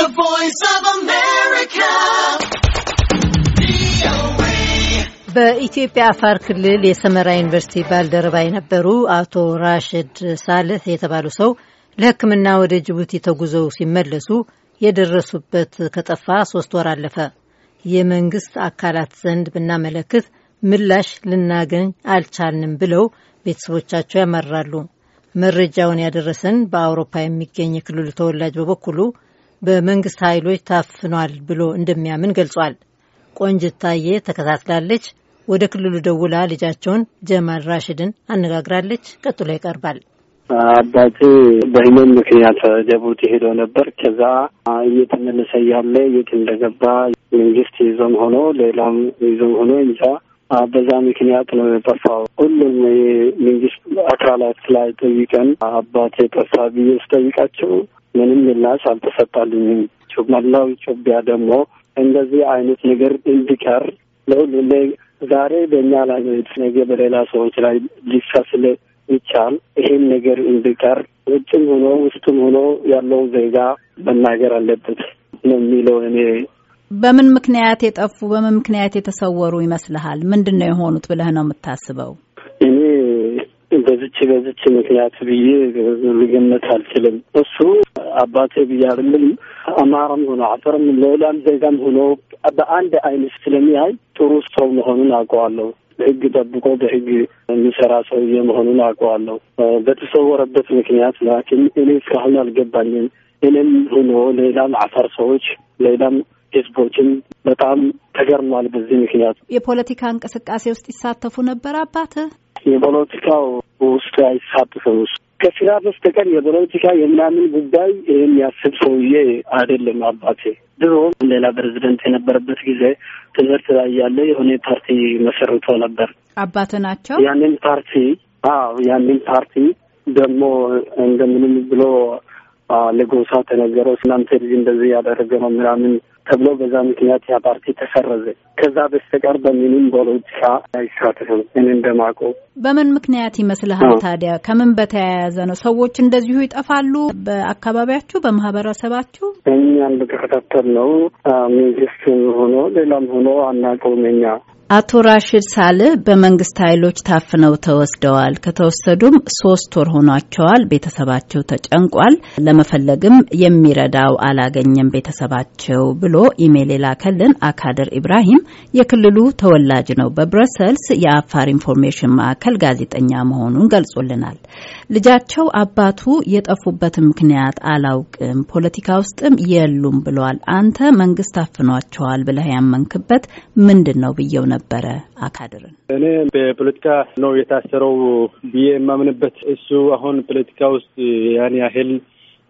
The Voice of America. በኢትዮጵያ አፋር ክልል የሰመራ ዩኒቨርሲቲ ባልደረባ የነበሩ አቶ ራሽድ ሳልህ የተባሉ ሰው ለሕክምና ወደ ጅቡቲ ተጉዘው ሲመለሱ የደረሱበት ከጠፋ ሶስት ወር አለፈ። የመንግስት አካላት ዘንድ ብናመለክት ምላሽ ልናገኝ አልቻልንም ብለው ቤተሰቦቻቸው ያመራሉ። መረጃውን ያደረሰን በአውሮፓ የሚገኝ የክልሉ ተወላጅ በበኩሉ በመንግስት ኃይሎች ታፍኗል ብሎ እንደሚያምን ገልጿል። ቆንጅታዬ ተከታትላለች። ወደ ክልሉ ደውላ ልጃቸውን ጀማል ራሽድን አነጋግራለች። ቀጥሎ ይቀርባል። አባቴ በህመም ምክንያት ጅቡቲ ሄዶ ነበር። ከዛ እየተመለሰ ያለ የት እንደገባ መንግስት ይዞም ሆኖ ሌላም ይዞም ሆኖ እንጃ በዛ ምክንያት ነው የጠፋው። ሁሉም የመንግስት አካላት ላይ ጠይቀን አባቴ ጠፋ ብዬ ስጠይቃቸው ምንም ምላሽ አልተሰጣልኝም። መላው ኢትዮጵያ ደግሞ እንደዚህ አይነት ነገር እንዲቀር ለሁሉ ዛሬ በእኛ ላይ ነገ በሌላ ሰዎች ላይ ሊሳስል ይቻል ይሄን ነገር እንዲቀር ውጭም ሆኖ ውስጥም ሆኖ ያለው ዜጋ መናገር አለበት ነው የሚለው እኔ በምን ምክንያት የጠፉ በምን ምክንያት የተሰወሩ ይመስልሃል? ምንድን ነው የሆኑት ብለህ ነው የምታስበው? እኔ በዝች በዝች ምክንያት ብዬ ልገምት አልችልም። እሱ አባቴ ብያለሁ። አማራም ሆኖ አፈርም ሌላም ዜጋም ሆኖ በአንድ አይነት ስለሚያይ ጥሩ ሰው መሆኑን አውቀዋለሁ። በህግ ጠብቆ በህግ የሚሰራ ሰውዬ መሆኑን አውቀዋለሁ። በተሰወረበት ምክንያት ላኪን እኔ እስካሁን አልገባኝም። እኔም ሆኖ ሌላም አፈር ሰዎች ሌላም ህዝቦችን በጣም ተገርሟል። በዚህ ምክንያት የፖለቲካ እንቅስቃሴ ውስጥ ይሳተፉ ነበር አባትህ? የፖለቲካው ውስጥ ውስጥ ከስራ በስተቀር የፖለቲካ የምናምን ጉዳይ የሚያስብ ሰውዬ አይደለም አባቴ። ድሮ ሌላ ፕሬዚደንት የነበረበት ጊዜ ትምህርት ላይ ያለ የሆነ ፓርቲ መሰርቶ ነበር። አባት ናቸው። ያንን ፓርቲ አዎ፣ ያንን ፓርቲ ደግሞ እንደምንም ብሎ ለጎሳ ተነገረው። እናንተ ልጅ እንደዚህ ያደረገ ነው ምናምን ተብሎ በዛ ምክንያት ያ ፓርቲ ተሰረዘ። ከዛ በስተቀር በምንም ፖለቲካ አይሳተፍም። እኔ እንደማቆ በምን ምክንያት ይመስልሃል ታዲያ? ከምን በተያያዘ ነው? ሰዎች እንደዚሁ ይጠፋሉ። በአካባቢያችሁ፣ በማህበረሰባችሁ እኛ እንደተከታተል ነው መንግስትም ሆኖ ሌላም ሆኖ አናውቀውም እኛ አቶ ራሽድ ሳልህ በመንግስት ኃይሎች ታፍነው ተወስደዋል። ከተወሰዱም ሶስት ወር ሆኗቸዋል። ቤተሰባቸው ተጨንቋል። ለመፈለግም የሚረዳው አላገኘም ቤተሰባቸው ብሎ ኢሜል የላከልን አካደር ኢብራሂም የክልሉ ተወላጅ ነው። በብረሰልስ የአፋር ኢንፎርሜሽን ማዕከል ጋዜጠኛ መሆኑን ገልጾልናል። ልጃቸው አባቱ የጠፉበትን ምክንያት አላውቅም፣ ፖለቲካ ውስጥም የሉም ብለዋል። አንተ መንግስት አፍኗቸዋል ብለህ ያመንክበት ምንድን ነው ብየው ነበረ አካድርን። እኔ በፖለቲካ ነው የታሰረው ብዬ የማምንበት እሱ አሁን ፖለቲካ ውስጥ ያን ያህል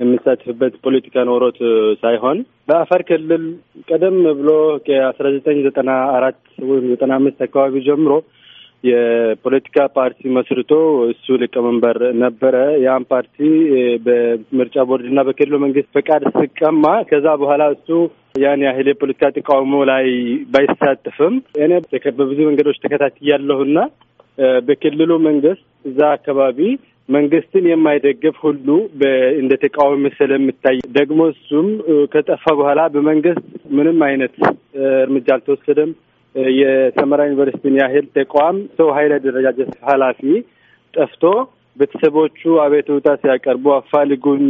የምሳትፍበት ፖለቲካ ኖሮት ሳይሆን በአፋር ክልል ቀደም ብሎ ከአስራ ዘጠኝ ዘጠና አራት ወይም ዘጠና አምስት አካባቢ ጀምሮ የፖለቲካ ፓርቲ መስርቶ እሱ ሊቀመንበር ነበረ። ያን ፓርቲ በምርጫ ቦርድና በክልሉ መንግስት ፈቃድ ሲቀማ ከዛ በኋላ እሱ ያን ያህል የፖለቲካ ተቃውሞ ላይ ባይሳተፍም እኔ በብዙ መንገዶች ተከታትያለሁና በክልሉ መንግስት እዛ አካባቢ መንግስትን የማይደግፍ ሁሉ እንደ ተቃዋሚ ስለሚታይ ደግሞ እሱም ከጠፋ በኋላ በመንግስት ምንም አይነት እርምጃ አልተወሰደም። የሰመራ ዩኒቨርሲቲን ያህል ተቋም ሰው ኃይል አደረጃጀት ኃላፊ ጠፍቶ ቤተሰቦቹ አቤቱታ ሲያቀርቡ አፋልጉን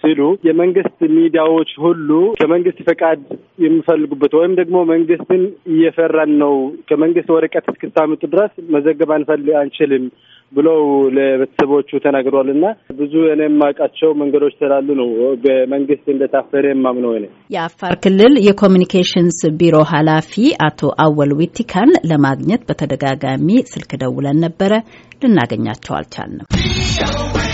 ሲሉ የመንግስት ሚዲያዎች ሁሉ ከመንግስት ፈቃድ የሚፈልጉበት ወይም ደግሞ መንግስትን እየፈራን ነው ከመንግስት ወረቀት እስክታምጡ ድረስ መዘገብ አንችልም ብለው ለቤተሰቦቹ ተናግሯል። እና ብዙ እኔ የማውቃቸው መንገዶች ስላሉ ነው በመንግስት እንደታፈረ የማምነው። እኔ የአፋር ክልል የኮሚኒኬሽንስ ቢሮ ኃላፊ አቶ አወል ዊቲካን ለማግኘት በተደጋጋሚ ስልክ ደውለን ነበረ፣ ልናገኛቸው አልቻልንም።